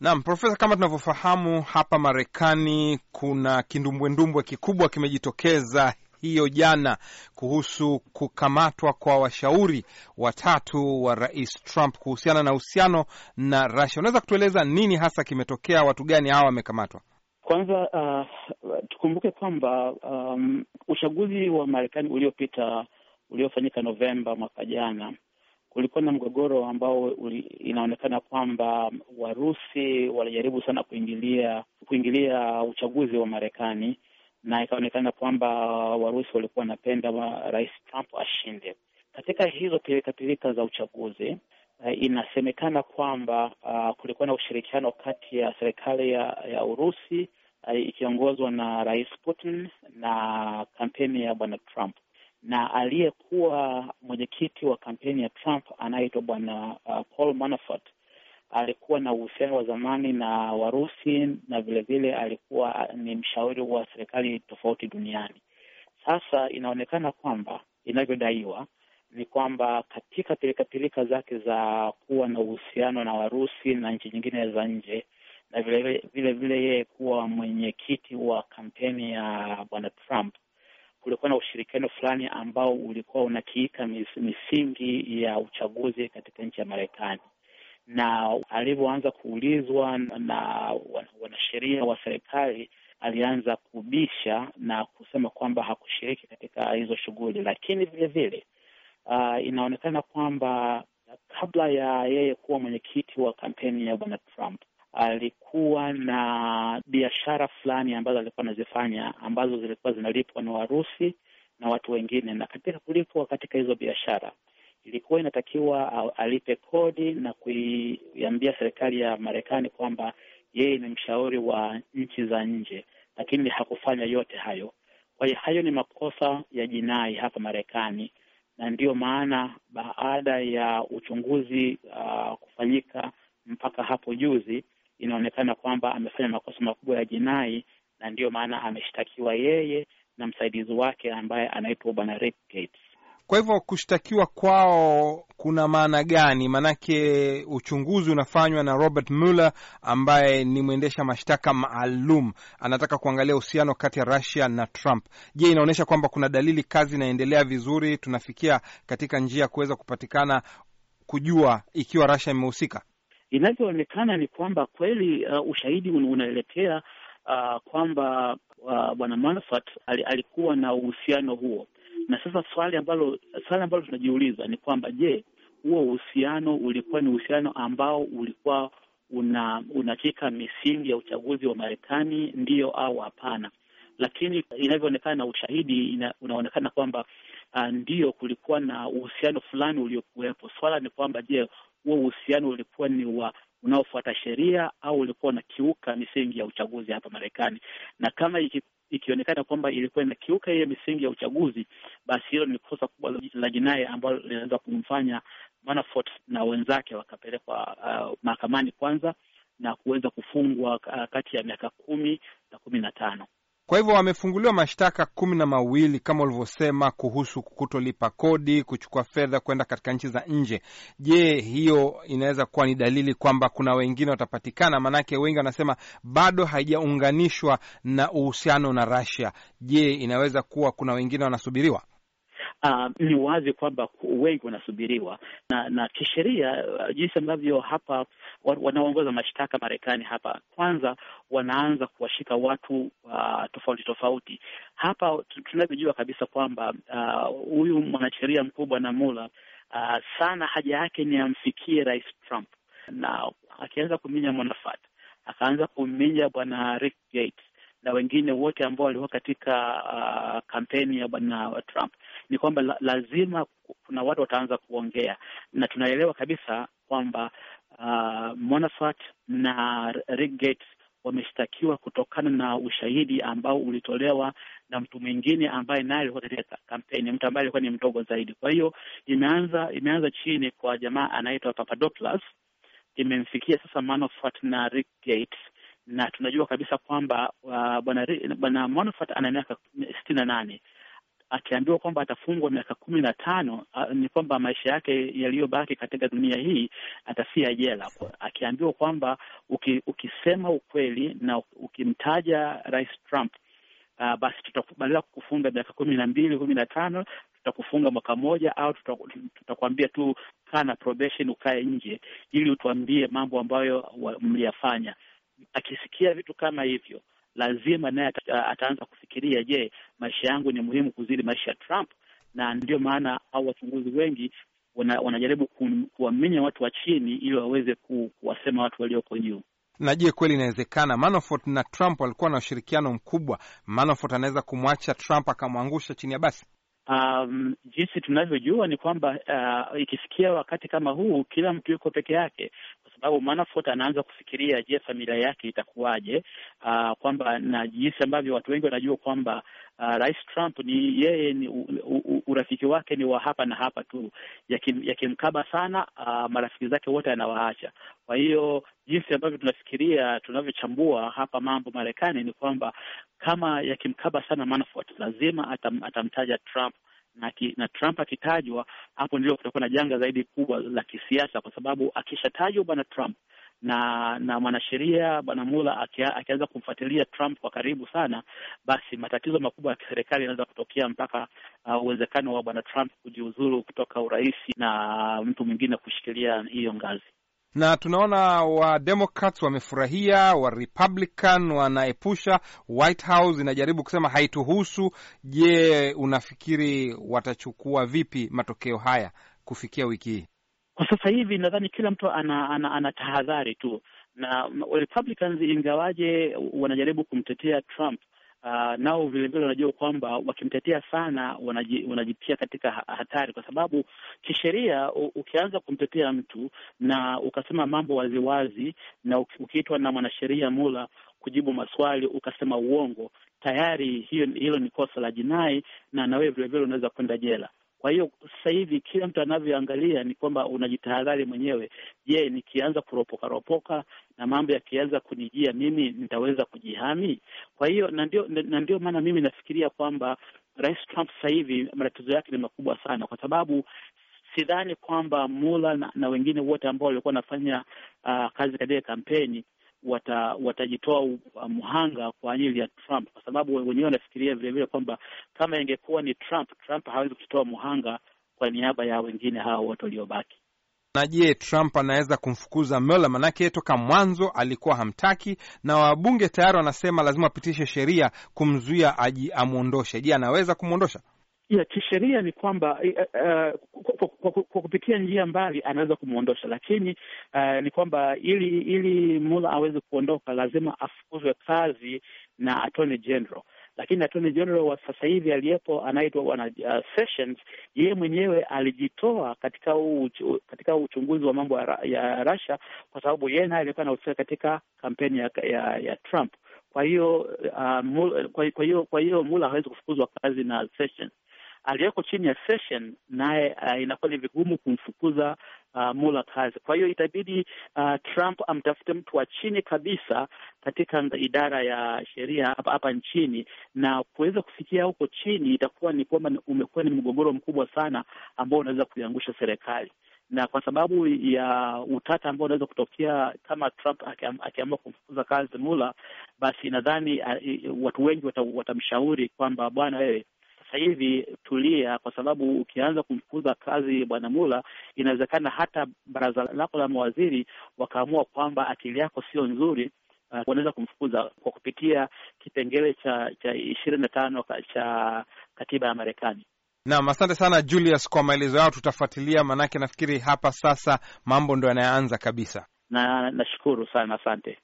Naam, Profesa, kama tunavyofahamu hapa Marekani kuna kindumbwendumbwe kikubwa kimejitokeza hiyo jana kuhusu kukamatwa kwa washauri watatu wa rais Trump kuhusiana na uhusiano na Russia. Unaweza kutueleza nini hasa kimetokea? Watu gani hawa wamekamatwa? Kwanza uh, tukumbuke kwamba um, uchaguzi wa Marekani uliopita uliofanyika Novemba mwaka jana kulikuwa na mgogoro ambao uli, inaonekana kwamba Warusi walijaribu sana kuingilia kuingilia uchaguzi wa Marekani na ikaonekana kwamba Warusi walikuwa wanapenda wa Rais Trump ashinde katika hizo pilikapilika za uchaguzi. Uh, inasemekana kwamba uh, kulikuwa na ushirikiano kati ya serikali ya, ya Urusi uh, ikiongozwa na Rais Putin na kampeni ya Bwana Trump na aliyekuwa mwenyekiti wa kampeni ya Trump anayeitwa bwana uh, Paul Manafort alikuwa na uhusiano wa zamani na Warusi na vilevile alikuwa uh, ni mshauri wa serikali tofauti duniani. Sasa inaonekana kwamba inavyodaiwa ni kwamba katika pilikapilika zake za kuwa na uhusiano na Warusi na nchi nyingine za nje na vilevile yeye kuwa mwenyekiti wa kampeni ya bwana Trump kulikuwa na ushirikiano fulani ambao ulikuwa unakiika mis, misingi ya uchaguzi katika nchi ya Marekani, na alivyoanza kuulizwa na wanasheria wa serikali alianza kubisha na kusema kwamba hakushiriki katika hizo shughuli, lakini vilevile uh, ah, inaonekana kwamba kabla ya yeye kuwa mwenyekiti wa kampeni ya bwana Trump alikuwa na biashara fulani ambazo alikuwa anazifanya ambazo zilikuwa zinalipwa na Warusi na watu wengine, na katika kulipwa katika hizo biashara ilikuwa inatakiwa alipe kodi na kuiambia serikali ya Marekani kwamba yeye ni mshauri wa nchi za nje, lakini hakufanya yote hayo. Kwa hiyo hayo ni makosa ya jinai hapa Marekani, na ndiyo maana baada ya uchunguzi uh, kufanyika mpaka hapo juzi inaonekana kwamba amefanya makosa makubwa ya jinai, na ndiyo maana ameshtakiwa yeye na msaidizi wake ambaye anaitwa bwana Rick Gates. Kwa hivyo kushtakiwa kwao kuna maana gani? Maanake uchunguzi unafanywa na Robert Mueller ambaye ni mwendesha mashtaka maalum, anataka kuangalia uhusiano kati ya Russia na Trump. Je, inaonyesha kwamba kuna dalili kazi inaendelea vizuri, tunafikia katika njia ya kuweza kupatikana, kujua ikiwa Russia imehusika? Inavyoonekana ni kwamba kweli uh, ushahidi unaelekea uh, kwamba uh, bwana Manafort al, alikuwa na uhusiano huo, na sasa swali ambalo swali ambalo tunajiuliza ni kwamba je, huo uhusiano ulikuwa ni uhusiano ambao ulikuwa una unachika misingi ya uchaguzi wa Marekani, ndiyo au hapana? Lakini inavyoonekana na ushahidi ina, unaonekana kwamba uh, ndiyo kulikuwa na uhusiano fulani uliokuwepo. Swala ni kwamba je, huo uhusiano ulikuwa ni wa unaofuata sheria au ulikuwa unakiuka misingi ya uchaguzi hapa Marekani, na kama iki, ikionekana kwamba ilikuwa inakiuka hiyo misingi ya uchaguzi, basi hilo ni kosa kubwa la jinai ambalo linaweza kumfanya Manafort na wenzake wakapelekwa uh, mahakamani kwanza na kuweza kufungwa uh, kati ya miaka kumi na kumi na tano. Kwa hivyo wamefunguliwa mashtaka kumi na mawili kama ulivyosema, kuhusu kutolipa kodi, kuchukua fedha kwenda katika nchi za nje. Je, hiyo inaweza kuwa ni dalili kwamba kuna wengine watapatikana? Maanake wengi wanasema bado haijaunganishwa na uhusiano na Russia. Je, inaweza kuwa kuna wengine wanasubiriwa? uh, ni wazi kwamba wengi wanasubiriwa na na kisheria, uh, jinsi ambavyo hapa wanaoongoza mashtaka Marekani hapa kwanza wanaanza kuwashika watu uh, tofauti tofauti. Hapa tunavyojua kabisa kwamba uh, huyu uh, mwanasheria mkubwa na mula uh, sana haja yake ni amfikie Rais Trump, na akianza kuminya Manafort, akaanza kuminya bwana Rick Gates na wengine wote ambao walikuwa katika uh, kampeni ya bwana Trump ni kwamba la, lazima kuna watu wataanza kuongea, na tunaelewa kabisa kwamba uh, na Rick Gates wameshtakiwa kutokana na ushahidi ambao ulitolewa na mtu mwingine ambaye naye alikuwa katika kampeni, mtu ambaye alikuwa ni mdogo zaidi. Kwa hiyo imeanza imeanza chini kwa jamaa anaitwa Papadopoulos, imemfikia sasa Manafort na Rick Gates na tunajua kabisa kwamba uh, bwana bwana Manafort ana miaka sitini na nane akiambiwa kwamba atafungwa miaka kumi na tano uh, ni kwamba maisha yake yaliyobaki katika dunia hii atafia jela. Akiambiwa kwamba uki, ukisema ukweli na ukimtaja Rais Trump uh, basi tutakubalia kufunga miaka kumi na mbili kumi na tano tutakufunga mwaka mmoja au tutakuambia tu kaa na probation, ukae nje ili utuambie mambo ambayo mliyafanya akisikia vitu kama hivyo, lazima naye ataanza kufikiria, je, maisha yangu ni muhimu kuzidi maisha ya Trump? Na ndio maana au wachunguzi wengi wana, wanajaribu kuwaminya watu wa chini ili waweze kuwasema watu walioko juu. Na je, kweli inawezekana? Manafort na Trump walikuwa na ushirikiano mkubwa. Manafort anaweza kumwacha Trump akamwangusha chini ya basi? Um, jinsi tunavyojua ni kwamba uh, ikifikia wakati kama huu, kila mtu yuko peke yake, kwa sababu Manafort anaanza kufikiria, je, familia yake itakuwaje? Uh, kwamba na jinsi ambavyo watu wengi wanajua kwamba uh, Rais Trump ni yeye ni u, u, urafiki wake ni wa hapa na hapa tu, yakimkaba yaki sana uh, marafiki zake wote anawaacha. Kwa hiyo jinsi ambavyo tunafikiria tunavyochambua hapa mambo Marekani ni kwamba kama yakimkaba sana Manafort, lazima atam, atamtaja Trump na, ki, na Trump akitajwa, hapo ndio kutakuwa na janga zaidi kubwa la kisiasa, kwa sababu akishatajwa bwana Trump na na mwanasheria bwana Mula akianza kumfuatilia Trump kwa karibu sana, basi matatizo makubwa ya kiserikali yanaweza kutokea mpaka uh, uwezekano wa bwana Trump kujiuzulu kutoka urais na mtu mwingine kushikilia hiyo ngazi na tunaona Wademokrat wamefurahia, Warepublican wanaepusha. White House inajaribu kusema haituhusu. Je, unafikiri watachukua vipi matokeo haya kufikia wiki hii? Kwa sasa hivi nadhani kila mtu ana, ana, ana tahadhari tu, na Republicans ingawaje wanajaribu kumtetea Trump Uh, nao vilevile wanajua kwamba wakimtetea sana wanaji, wanajitia katika hatari, kwa sababu kisheria ukianza kumtetea mtu na ukasema mambo waziwazi na ukiitwa na mwanasheria Mula kujibu maswali ukasema uongo, tayari hiyo hilo ni kosa la jinai, na nawee vilevile unaweza kwenda jela. Kwa hiyo sasa hivi kila mtu anavyoangalia ni kwamba unajitahadhari mwenyewe. Je, nikianza kuropokaropoka na mambo yakianza kunijia mimi nitaweza kujihami? Kwa hiyo na ndio na ndio maana mimi nafikiria kwamba Rais Trump sasa hivi matatizo yake ni makubwa sana, kwa sababu sidhani kwamba Mula na, na wengine wote ambao walikuwa wanafanya uh, kazi katika kampeni wata, watajitoa uh, mhanga kwa ajili ya Trump, kwa sababu wenyewe wanafikiria vilevile kwamba kama ingekuwa ni Trump, Trump hawezi kujitoa mhanga kwa niaba ya wengine hawa wote waliobaki. Na je, Trump anaweza kumfukuza Mueller? Manake toka mwanzo alikuwa hamtaki, na wabunge tayari wanasema lazima apitishe sheria kumzuia amwondoshe. Je, anaweza kumwondosha? ya kisheria ni kwamba uh, kwa, kwa, kwa, kwa kupitia njia mbali anaweza kumwondosha, lakini uh, ni kwamba ili ili Mula aweze kuondoka lazima afukuzwe kazi na Attorney General lakini Attorney General wa sasa hivi aliyepo anaitwa bwana uh, Sessions. Yeye mwenyewe alijitoa katika uchu, katika uchunguzi wa mambo ya, ya Russia kwa sababu yeye naye alikuwa anahusika katika kampeni ya, ya, ya Trump. Kwa hiyo uh, kwa hiyo kwa hiyo Mula hawezi kufukuzwa kazi na Sessions aliyeko chini ya session naye uh, inakuwa ni vigumu kumfukuza uh, Mula kazi. Kwa hiyo itabidi uh, Trump amtafute mtu wa chini kabisa katika idara ya sheria hapa nchini, na kuweza kufikia huko chini itakuwa ni kwamba umekuwa ni mgogoro mkubwa sana ambao unaweza kuiangusha serikali na kwa sababu ya utata ambao unaweza kutokea kama Trump akiamua kumfukuza kazi Mula, basi nadhani uh, watu wengi watamshauri kwamba bwana, wewe sasa hivi tulia, kwa sababu ukianza kumfukuza kazi bwana Mula, inawezekana hata baraza lako la mawaziri wakaamua kwamba akili yako sio nzuri. Uh, wanaweza kumfukuza kwa kupitia kipengele cha cha ishirini na tano cha katiba ya Marekani. Naam, asante sana Julius kwa maelezo yao, tutafuatilia maanake nafikiri hapa sasa mambo ndo yanayoanza kabisa, na nashukuru sana, asante.